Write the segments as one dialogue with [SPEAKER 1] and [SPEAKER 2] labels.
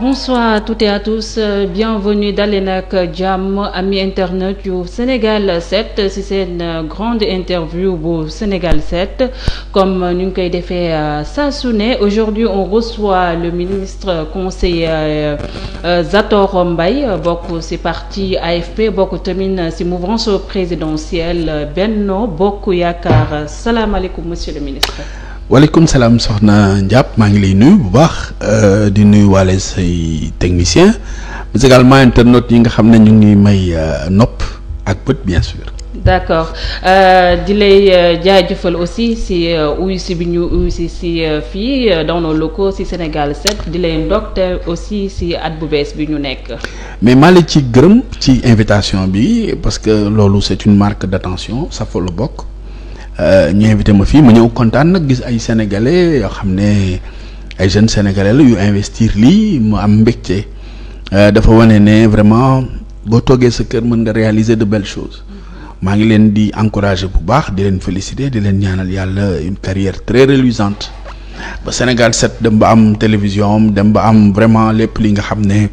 [SPEAKER 1] bonsoir à toutes et à tous bienvenue daleen ak jàmm ami internet yu Sénégal 7 ci seen grande interview bu Sénégal 7 comme nu ngi koy defee euh, saa su ne aujourd'hui on reçoit le ministre conseiller euh, Zator Mbaye euh, bokk ci parti AFP bokk tamit ci mouvance présidentielle Benno Bokk Yaakaar salaamaaleykum monsieur le ministre.
[SPEAKER 2] waaleykum salaam soxna Ndiap maa ngi lay nuyu bu baax euh, di nuyu wale say technicien mais également yi nga xam ne ñu ngi may euh, nopp ak bët bien sûr.
[SPEAKER 1] d'accord euh, di lay jaajëfal aussi si uyu si bi ñu uyu si si fii dans nos locaux si Sénégal 7 di lay ndokk aussi si at bu bees bi ñu nekk.
[SPEAKER 2] mais maa la ci gërëm ci invitation bi parce que loolu c'est une marque d'attention sa fa la bokk. Euh, ñu invité ma fii ma ñëw kontaan nag gis ay sénégalais yoo xam ne ay jeunes sénégalais la yu investir lii mu am mbégte euh, dafa wane ne vraiment boo toogee sa kër mën nga réaliser de belles choses maa ngi leen di encourager bu baax di leen féliciter di leen ñaanal yàlla une carrière très reluisante ba Sénégal set dem ba am télévision dem ba am vraiment lépp li nga xam ne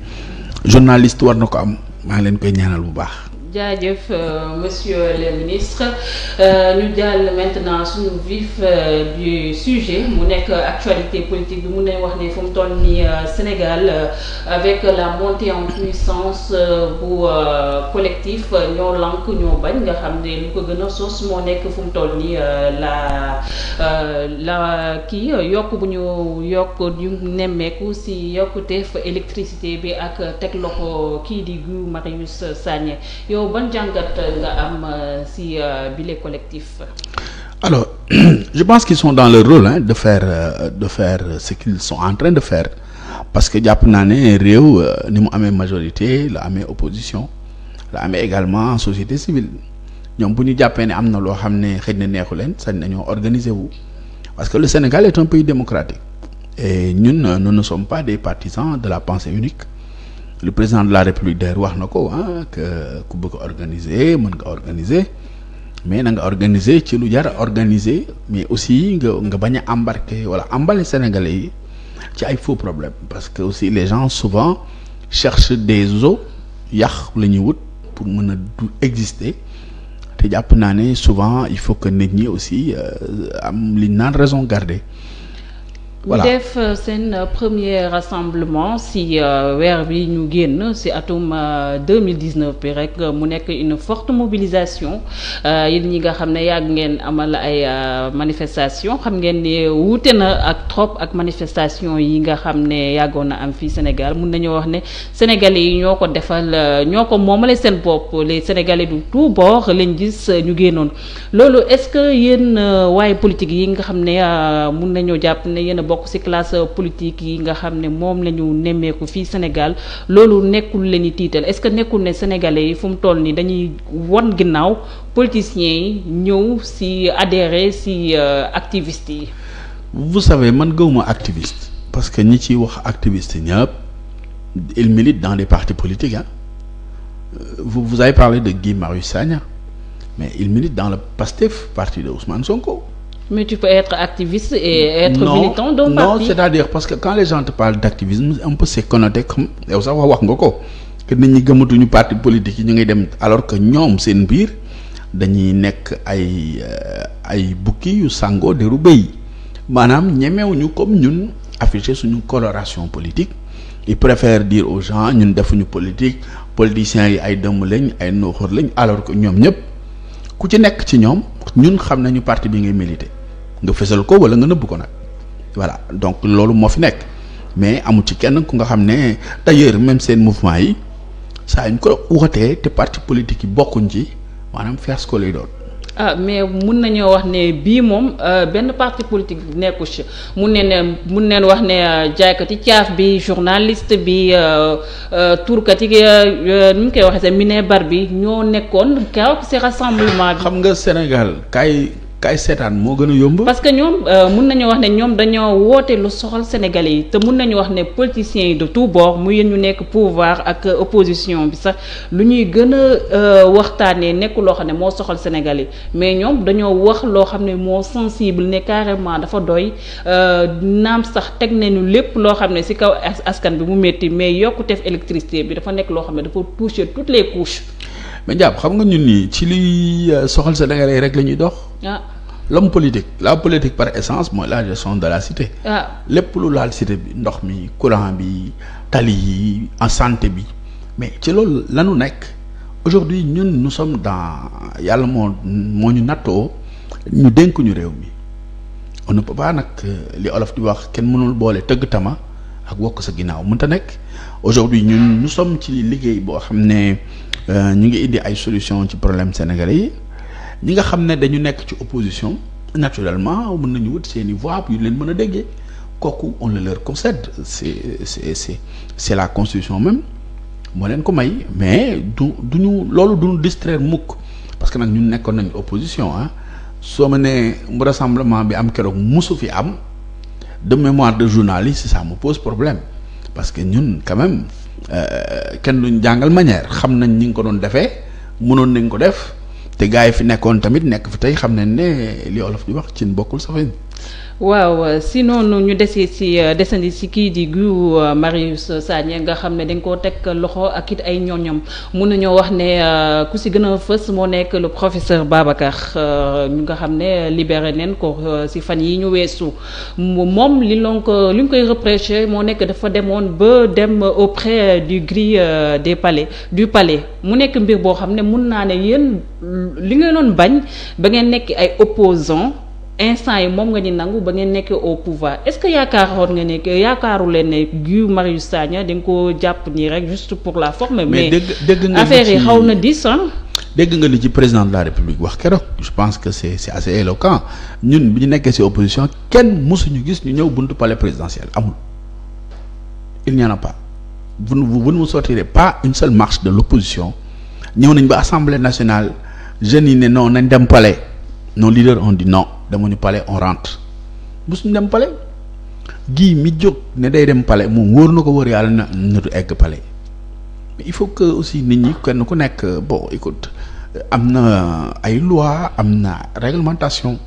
[SPEAKER 2] journaliste war na ko am maa ngi leen koy ñaanal bu baax.
[SPEAKER 1] jaajëf euh, monsieur le ministre euh, ñu jàll maintenant suñu vif euh, du sujet mu nekk actualité politique bi mun nañ wax ne fu mu toll nii Sénégal avec la montée en puissance bu collectif ñoo lank ñoo bañ nga xam ne lu ko gën a sos moo nekk fu mu toll nii la la kii yokk bu ñu yokk ñu nemmeeku si yokkuteef électricité bi ak teg loxo kii di Guy Marius Sagna yow ban jàngat nga am euh, si euh, bile collectif.
[SPEAKER 2] alors je pense qu'ils sont dans leur rôle de faire euh, de faire ce qu'ils sont en train de faire parce que jàpp naa ne réew ni mu amee majorité la amee opposition la amee également société civile ñoom bu ñu jàppee ne am na loo xam ne xëy na neexu leen sañ nañoo organiser wu parce que le Sénégal est un pays démocratique et ñun noonu ne sommes pas des partisans de la pensée unique le président de la république d'ailleurs wax na ko ah que ku bëgg organiser mën nga organiser mais na nga organiser ci lu jar organiser mais aussi nga nga bañ a embarquer wala emballé sénégalais yi ci ay faux problème parce que aussi les gens souvent cherchent des eaux yàq la ñuy wut pour mën a du exister te jàpp naa ne souvent il faut que nit ñi aussi euh, am liñ naan raison garder voilà def
[SPEAKER 1] euh, seen euh, premier rassemblement si euh, weer bi ñu génn si atum 2019 bi rek mu nekk une forte mobilisation yéen ñi nga xam ne yàgg ngeen amal ay manifestation xam ngeen ni wuute na ak trop ak manifestation yi nga xam ne yàggoon na am fii Sénégal mun nañoo wax ne sénégalais yi ñoo ko defal ñoo ko moom moomale seen bopp les sénégalais du tout bord lañ gis ñu génnoon loolu est-ce que yéen waaye politique yi nga xam ne mun nañoo jàpp ne yéen a bokk ci classe politique yi nga xam ne moom la ñu nemmeeku fii Sénégal loolu nekkul la ñu tiital est-ce que nekkul ne sénégalais yi fu mu toll nii dañuy won ginnaaw politiciens yi ñëw ci adhérer ci euh, activist yi.
[SPEAKER 2] vous savez man gëwuma activiste parce que ñi ciy wax activiste ñëpp il milite dans les partis politique ah euh, vous avez parlé de Guy Marius Sagna mais il milite dans le PASTEF parti de Ousmane Sonko.
[SPEAKER 1] mais tu peux être activiste et être non, militant
[SPEAKER 2] c'est-à-dire parce que quand les gens te parlent d'activisme un peu c'est connoté comme yow sax wax nga ko que nit ñi gëmatuñu parti politique yi ñu ngi dem alors que ñoom seen biir dañuy nekk ay euh, ay bukki yu sangoo deru béy maanaam ñemewuñu comme ñun afficher suñu coloration politique ils préfèrent dire aux gens ñun defuñu politique politiciens yi ay dëmm lañ ay nooxoor lañ alors que ñoom ñëpp ku ci nekk ci ñoom ñun xam nañu parti bi ngay militer. nga fësal ko wala nga nëbb ko nag voilà donc loolu moo fi nekk mais amu ci kenn ku nga xam ne d'ailleurs même seen mouvement yi saa ñu ko waxatee te parti politique yi bokkuñ ci maanaam fiasco lay doon.
[SPEAKER 1] ah mais mun nañoo wax ne bii moom euh, benn parti politique nekku ci mun neen mun neen wax ne euh, jaaykat yi caaf bi journaliste bi euh, turkat yi nu mu koy waxee sax minebar bi ñoo nekkoon kaw ci rassemblement bi. xam nga Sénégal
[SPEAKER 2] kay. kaay seetaan moo gën a
[SPEAKER 1] yomb. parce que ñoom euh, mun nañoo wax ne ñoom dañoo woote lu soxal Sénégalais yi te mun nañu wax ne politiciens yi de tout bord mu yéen ñu nekk pouvoir ak opposition bi sax lu ñuy gën a euh, waxtaanee nekk loo xam ne moo soxal Sénégalais mais ñoom dañoo wax loo xam ne moo sensible ne carrément dafa doy euh, naam sax teg ñu lépp loo xam ne ci kaw askan bi mu métti mais yokkuteef électricité bi dafa nekk loo xam ne dafa toucher toutes les couches.
[SPEAKER 2] mais jàpp xam nga ñun nii ci liy euh, soxal Sénégalais rek la ñuy dox. Ah. lam politique la politique par essence mooy la gestion de la cité. Ah. lépp lu laal cité bi ndox mi courant bi tali yi en santé bi mais ci loolu la ñu nekk aujourd'hui ñun nous sommes dans yàlla moo moo ñu nattoo ñu dénkuñu réew mi on ne peut pas nag euh, li olof di wax kenn mënul boole tëgg tama ak wokk sa ginnaaw mënta nekk. aujourd'hui ñun nous sommes ci liggéey boo xam ne euh, ñu ngi indi ay solution ci problème sénégalais yi ñi nga xam ne dañu nekk ci opposition naturellement mun nañu wut seeni voix yu leen mën a déggee kooku on le leur concède c'est c'est c'est c'est la constitution même moo leen ko may mais du du ñu loolu du ñu distraire mukk parce que nag ñun nekkoon nañu opposition ah soo ma nee mu rassemblement bi am keroog musu fi am de mémoire de journaliste ça me pose problème parce que ñun quand même euh, kenn duñ jàngal manière xam nañ ñi nga ko doon defee mënoon nañ ko def te gars yi fi nekkoon tamit nekk fu tey xam nañ ne li olof di wax cin bokkul safañ
[SPEAKER 1] waaw si noonu ñu desee si euh, desandi si kii di Guy euh, Marius Sagna nga xam ne dañ koo teg loxo ak it ay ñooñam mun nañoo wax ne euh, ku si gën a fës moo nekk le professeur Babacar ñu nga xam ne libéré neen ko si fan yi ñu weesu moom li lon ko li ñu koy reproché moo nekk dafa demoon ba dem auprès du grille des palais du palais mu nekk mbir boo xam ne mun naa ne yéen li nga doon bañ ba ngeen nekk ay opposants instant yi moom nga ñu nangu ba ngeen nekkee au pouvoir est-ce que yaakaaroon nga ne yaakaaru leen ne Guy Marius Sagna di nga ko jàpp nii rek juste pour la forme. mais dëgg dégg nga affaire yi xaw na dis
[SPEAKER 2] dégg nga li ci président de la république wax keroog je pense que c'est c'est assez éloquent ñun bi ñu nekkee ci opposition kenn mësuñu gis ñu ñëw buntu palais présidentiel amul il n'y en a pas vous ne vous ne sortirez pas une seule ñëw nañ ba assemblée nationale jeunes yi ne non nañ dem pale nos leaders ont dit non. demuñu palais on rentre musuñu dem palais gii mi jóg ne day dem pale moom wóor na ko wóor yàlla na na du egg palais il faut que aussi nit ñi kenn ku nekk bon écoute am na ay loi am na réglementation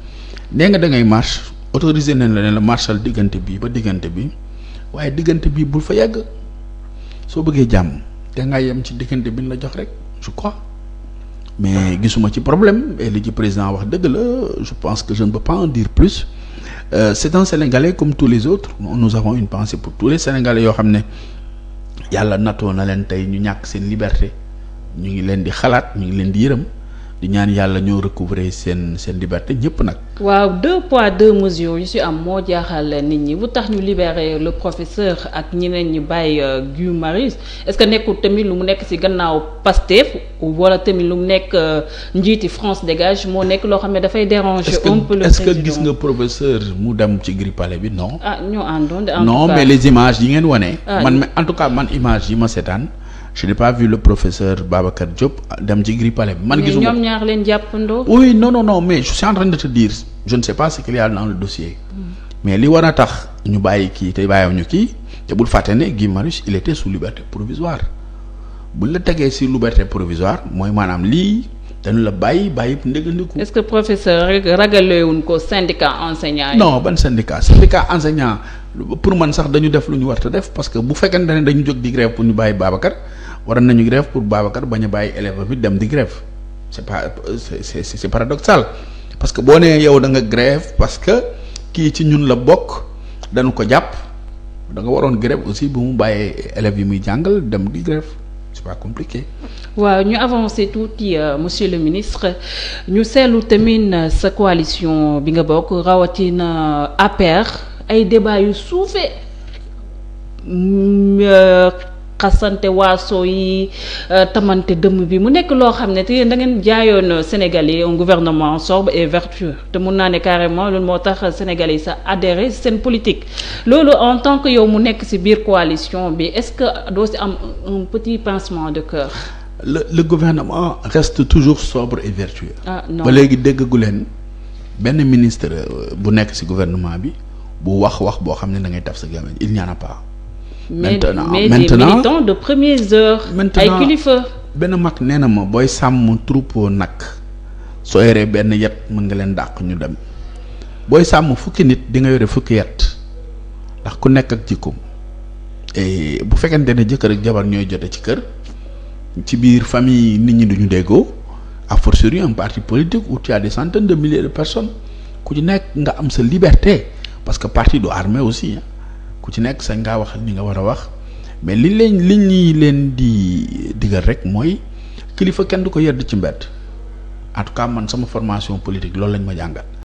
[SPEAKER 2] nee nga da ngay marche autorisé nañ la ne la marchal diggante bi ba diggante bi waaye diggante bi bul fa yegg soo bëggee jàmm da yem ci diggante bi ñu la jox rek je mais gisuma ci problème et li ci président wax dëgg la je pense que je ba peux pas en dire plus euh, c'est un Sénégalais comme tous les autres nous avons une pensée pour tous les Sénégalais yoo xam ne yàlla nattoo na leen tey ñu ñàkk seen liberté ñu ngi leen di xalaat ñu ngi leen di yërëm di ñaan yàlla ñoo recouvrer seen seen liberté ñëpp nag.
[SPEAKER 1] waaw deux poids deux mesures yu si am moo jaaxal nit ñi bu tax ñu libérer le professeur ak ñeneen ñi bàyyi euh, Guy Marius est-ce que nekkul tamit lu mu nekk si gannaaw Pastef wala tamit lu mu nekk euh, njiiti France dégage moo nekk loo xam ne dafay déranger un peu le est-ce que gis
[SPEAKER 2] nga professeur mu dem ci grille palais bi non.
[SPEAKER 1] ah ñoo àndoon de.
[SPEAKER 2] yi ngeen wane. Ah, man en tout cas man image yi ma seetaan. je n'ai pas vu le professeur Babacar Diop dem ci Gris Palais man gisuma ñoom
[SPEAKER 1] ñaar leen jàppandoo. oui non
[SPEAKER 2] non non mais je suis en train de te dire je ne sais pas ce qu'il y a le dossier. Mm. mais li war a tax ñu bàyyi kii te bàyyiwuñu kii te bul fàtte ne Guy Marius il était sous liberté provisoire bu la tegee si liberté provisoire mooy maanaam lii dañu la bàyyi bàyyi ndëggandiku.
[SPEAKER 1] est-ce que professeur rek ragalewuñ ko syndicat enseignant yi.
[SPEAKER 2] non ban syndicat syndicat enseignant pour man sax dañu def lu ñu war a def bu fekkee ne dañu jóg di pour ñu bàyyi Babacar. waroon nañu grève pour Babacar bañ a bàyyi élève bi dem di grève c'est pas c'est c'est paradoxal parce que boo nee yow danga nga parce que kii ci ñun la bokk danu ko jàpp danga waroon grève aussi bu mu bàyyee élève yi muy jàngal dem di grève c'est pas compliqué.
[SPEAKER 1] waaw ñu avancer tuuti euh, monsieur le ministre ñu seetlu tamit sa coalition bi nga bokk rawatina APR ay débat yu suufee. Mm, euh, xasante waaso yi euh, tamante dëmm bi mu nekk loo xam ne te yéen da ngeen jaayoon Sénégal yi un gouvernement sobre et vertueux te mun naa ne carrément loolu moo tax Sénégal yi sa adhéré seen politique loolu en tant que yow mu nekk ci biir coalition bi est-ce que doo ci am un petit pincement de cœur
[SPEAKER 2] le le gouvernement reste toujours sobre et vertueux.
[SPEAKER 1] ah ba léegi
[SPEAKER 2] déggagu leen benn ministre euh, bu nekk ci gouvernement bi bu wax wax boo xam ne da ngay taf sa gamme il n'y maintenant mais mais des militants
[SPEAKER 1] de premières heures. ay
[SPEAKER 2] benn mag nee na ma booy sàmm troupeau nag soo yoree benn yet mën nga leen dàq ñu dem booy sàmm fukki nit di nga yore fukki yat ndax ku nekk ak jikkoom bu fekkente ne jëkkër ak jabar ñooy jote ci kër ci biir fami nit ñi duñu déggoo a fortiori un parti politique où tu as des centaines de milliers de personnes ku ci nekk nga am sa liberté parce que parti du armée aussi ku ci nekk sañ ngaa wax li nga war a wax mais liñ leen li ñuy leen di digal rek mooy kilifa kenn du ko yedd ci mbett en tout sama formation politique loolu lañ ma jàngal